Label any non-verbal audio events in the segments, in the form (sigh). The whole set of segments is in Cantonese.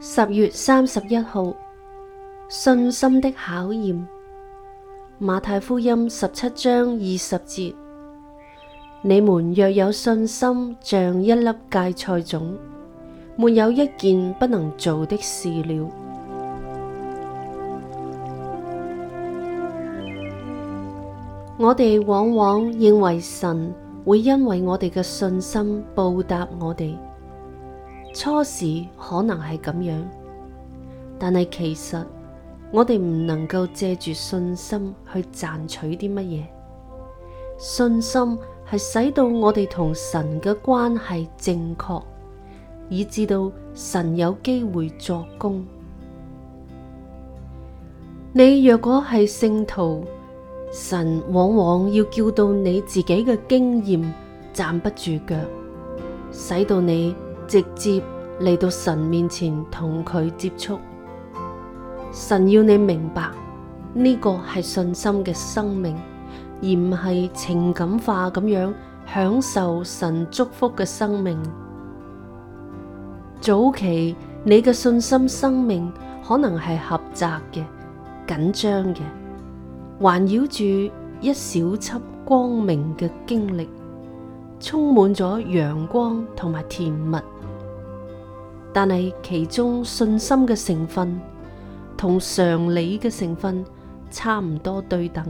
十月三十一號，信心的考驗。馬太福音十七章二十節：你們若有信心，像一粒芥菜種，沒有一件不能做的事了。 (noise) 我哋往往認為神會因為我哋嘅信心報答我哋。初時可能係咁樣，但係其實我哋唔能夠借住信心去賺取啲乜嘢。信心係使到我哋同神嘅關係正確，以致到神有機會作功。你若果係聖徒，神往往要叫到你自己嘅經驗站不住腳，使到你。直接嚟到神面前同佢接觸，神要你明白呢個係信心嘅生命，而唔係情感化咁樣享受神祝福嘅生命。早期你嘅信心生命可能係狹窄嘅、緊張嘅，環繞住一小輯光明嘅經歷。充滿咗陽光同埋甜蜜，但係其中信心嘅成分同常理嘅成分差唔多對等。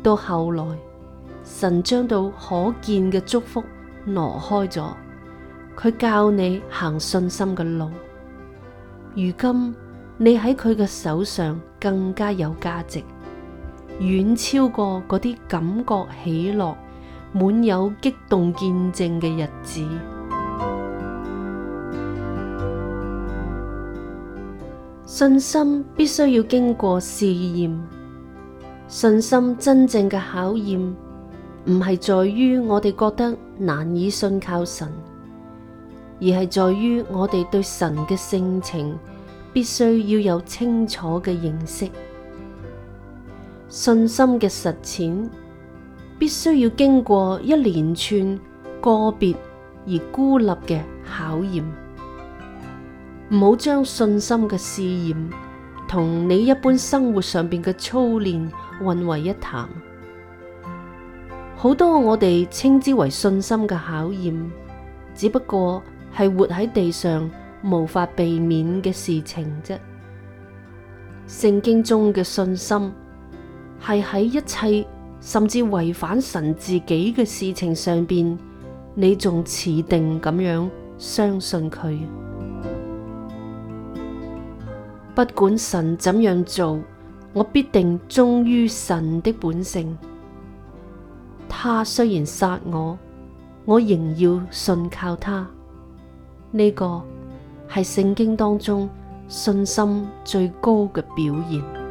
到後來，神將到可見嘅祝福挪開咗，佢教你行信心嘅路。如今你喺佢嘅手上更加有價值，遠超過嗰啲感覺喜樂。滿有激動見證嘅日子，信心必須要經過試驗。信心真正嘅考驗，唔係在於我哋覺得難以信靠神，而係在於我哋對神嘅性情必須要有清楚嘅認識。信心嘅實踐。必須要經過一連串個別而孤立嘅考驗，唔好將信心嘅試驗同你一般生活上邊嘅操練混為一談。好多我哋稱之為信心嘅考驗，只不過係活喺地上無法避免嘅事情啫。聖經中嘅信心係喺一切。甚至違反神自己嘅事情上邊，你仲持定咁樣相信佢？不管神怎樣做，我必定忠於神的本性。他雖然殺我，我仍要信靠他。呢、這個係聖經當中信心最高嘅表現。